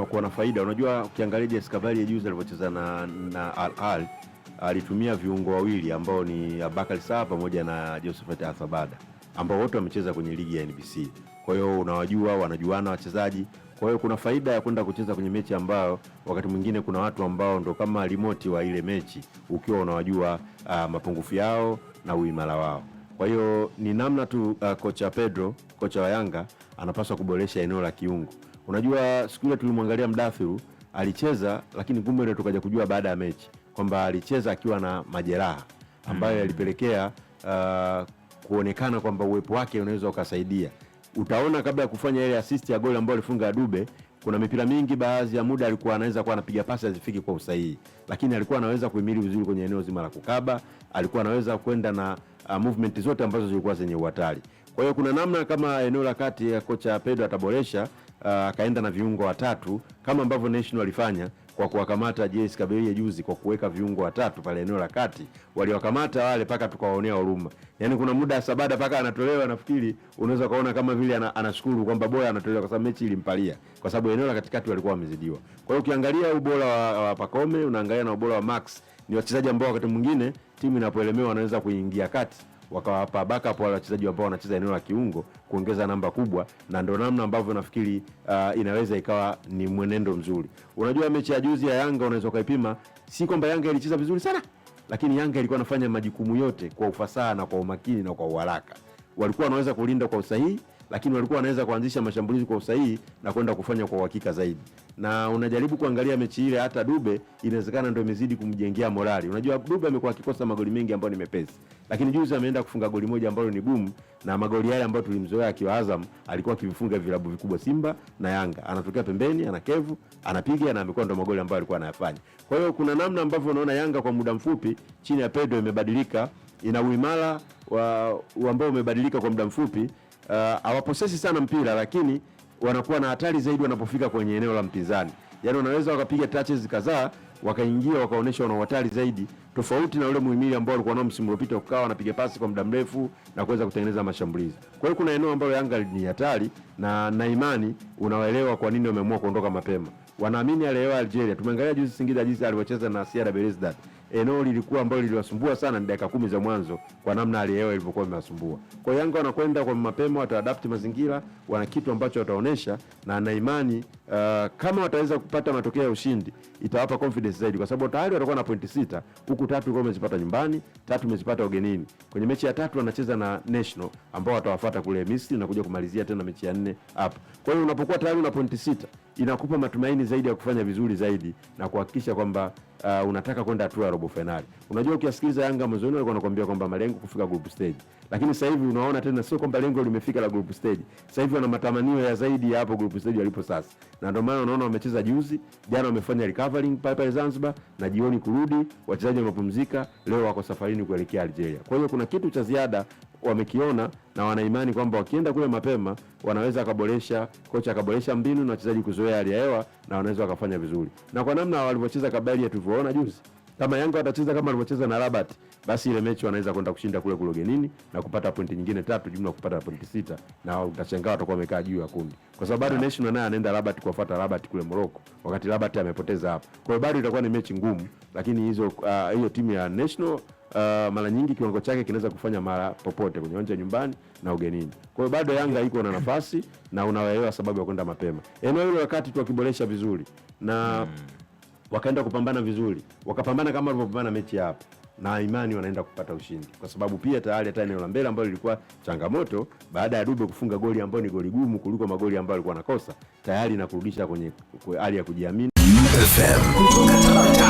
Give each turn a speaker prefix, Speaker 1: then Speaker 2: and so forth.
Speaker 1: unakuwa na faida. Unajua, ukiangalia JS Valle juzi alivyocheza na, na Al Ahly alitumia viungo wawili ambao ni Abakar Saa pamoja na Josephat Athabada ambao wote wamecheza kwenye ligi ya NBC. Kwa hiyo unawajua, wanajuana wachezaji. Kwa hiyo kuna faida ya kwenda kucheza kwenye mechi ambayo wakati mwingine kuna watu ambao ndo kama remote wa ile mechi, ukiwa unawajua uh, mapungufu yao na uimara wao. Kwa hiyo ni namna tu uh, kocha Pedro, kocha wa Yanga anapaswa kuboresha eneo la kiungo. Unajua siku ile tulimwangalia Mdathiru alicheza, lakini kumbe ndio tukaja kujua baada ya mechi kwamba alicheza akiwa na majeraha ambayo mm. yalipelekea uh, kuonekana kwamba uwepo wake unaweza ukasaidia. Utaona kabla ya kufanya ile assist ya goli ambayo alifunga Dube, kuna mipira mingi, baadhi ya muda alikuwa anaweza kuwa anapiga pasi azifiki kwa usahihi, lakini alikuwa anaweza kuhimili vizuri kwenye eneo zima la kukaba, alikuwa anaweza kwenda na uh, movement zote ambazo zilikuwa zenye uhatari. Kwa hiyo kuna namna kama eneo la kati ya kocha Pedro ataboresha Uh, akaenda na viungo watatu kama ambavyo Nation walifanya kwa kuwakamata JS Kabylie juzi kwa kuweka viungo watatu pale eneo la kati, waliwakamata wale mpaka tukawaonea huruma. Yaani kuna muda Sabada mpaka anatolewa, nafikiri unaweza ukaona kama vile anashukuru kwamba Boya anatolewa kwa sababu mechi ilimpalia, kwa sababu eneo la katikati walikuwa wamezidiwa. Kwa hiyo ukiangalia ubora wa, wa Pacome unaangalia na ubora wa Max, ni wachezaji ambao wakati mwingine timu inapoelemewa wanaweza kuingia kati wakawapa backup wale wachezaji ambao wanacheza eneo la kiungo kuongeza namba kubwa, na ndo namna ambavyo nafikiri uh, inaweza ikawa ni mwenendo mzuri. Unajua mechi ya juzi ya Yanga unaweza ukaipima, si kwamba Yanga ilicheza vizuri sana, lakini Yanga ilikuwa anafanya majukumu yote kwa ufasaha na kwa umakini na kwa uharaka, walikuwa wanaweza kulinda kwa usahihi lakini walikuwa wanaweza kuanzisha mashambulizi kwa usahihi na kwenda kufanya kwa uhakika zaidi. Na unajaribu kuangalia mechi ile, hata Dube inawezekana ndio imezidi kumjengea morali. Unajua Dube amekuwa akikosa magoli mengi ambayo ni mepesi, lakini juzi ameenda kufunga goli moja ambalo ni gumu, na magoli yale ambayo tulimzoea akiwa Azam alikuwa akivifunga vilabu vikubwa Simba na Yanga, anatokea pembeni, anakevu, anapiga na amekuwa ndio magoli ambayo alikuwa anayafanya. Kwa hiyo kuna namna ambavyo unaona Yanga kwa muda mfupi chini ya Pedro imebadilika, ina uimara ambao umebadilika kwa muda mfupi Uh, hawaposesi sana mpira lakini wanakuwa na hatari zaidi wanapofika kwenye eneo la mpinzani. Yaani wanaweza wakapiga touches kadhaa wakaingia wakaonyesha wana hatari zaidi, tofauti na ule muhimili ambao alikuwa nao msimu uliopita, ukawa anapiga pasi kwa muda mrefu na kuweza kutengeneza mashambulizi. Kwa hiyo kuna eneo ambalo Yanga ni hatari, na na imani unawaelewa kwa nini wameamua kuondoka mapema. Wanaamini aliyewa Algeria. Tumeangalia juzi Singida jinsi alivyocheza na CR Belouizdad eneo lilikuwa ambalo liliwasumbua sana ni dakika kumi za mwanzo, kwa namna hali ya hewa ilivyokuwa imewasumbua. Kwa hiyo Yanga wanakwenda kwa mapema, wataadapti mazingira, wana kitu ambacho wataonesha, na ana imani uh, kama wataweza kupata matokeo ya ushindi itawapa confidence zaidi, kwa sababu tayari watakuwa na pointi sita, huku tatu ilikuwa umezipata nyumbani, tatu umezipata ugenini. Kwenye mechi ya tatu wanacheza na National ambao watawafuata kule Misri na kuja kumalizia tena mechi ya nne hapo. Kwa hiyo unapokuwa tayari una pointi sita, inakupa matumaini zaidi ya kufanya vizuri zaidi na kuhakikisha kwamba uh, unataka kwenda hatua ya robo fainali Unajua ukiasikiliza Yanga mwanzo walikuwa wanakuambia kwamba malengo kufika group stage. Lakini sasa hivi unaona tena sio kwamba lengo limefika la group stage. Sasa hivi wana matamanio ya zaidi ya hapo group stage walipo sasa. Na ndio maana unaona wamecheza juzi, jana wamefanya recovering pale pale Zanzibar na jioni kurudi, wachezaji wamepumzika, leo wako safarini kuelekea Algeria. Kwa hiyo kuna kitu cha ziada wamekiona na wanaimani kwamba wakienda kule mapema wanaweza akaboresha, kocha akaboresha mbinu na wachezaji kuzoea hali ya hewa na wanaweza wakafanya vizuri, na kwa namna walivyocheza Kabaria tulivyoona juzi kama Yanga watacheza kama walivyocheza na Rabat, basi ile mechi wanaweza kwenda kushinda kule kule ugenini na kupata pointi nyingine tatu, jumla kupata pointi sita, na utashangaa watakuwa wamekaa juu ya kundi, kwa sababu bado National naye anaenda Rabat kuwafuata Rabat kule Morocco, wakati Rabat amepoteza hapa. Kwa hiyo bado itakuwa ni mechi ngumu, lakini hizo ah, hiyo uh, timu ya National uh, mara nyingi kiwango chake kinaweza kufanya mara popote kwenye uwanja nyumbani na ugenini. Kwa hiyo bado Yanga iko na nafasi na unaelewa sababu ya kwenda mapema. Eneo hilo wakati tu tuwakiboresha vizuri na hmm, wakaenda kupambana vizuri, wakapambana kama walivyopambana mechi hapa na imani wanaenda kupata ushindi, kwa sababu pia tayari hata eneo la mbele ambalo lilikuwa changamoto baada ya Dube kufunga goli ambayo ni goli gumu kuliko magoli ambayo alikuwa anakosa tayari na kurudisha kwenye hali ya kujiamini. FM.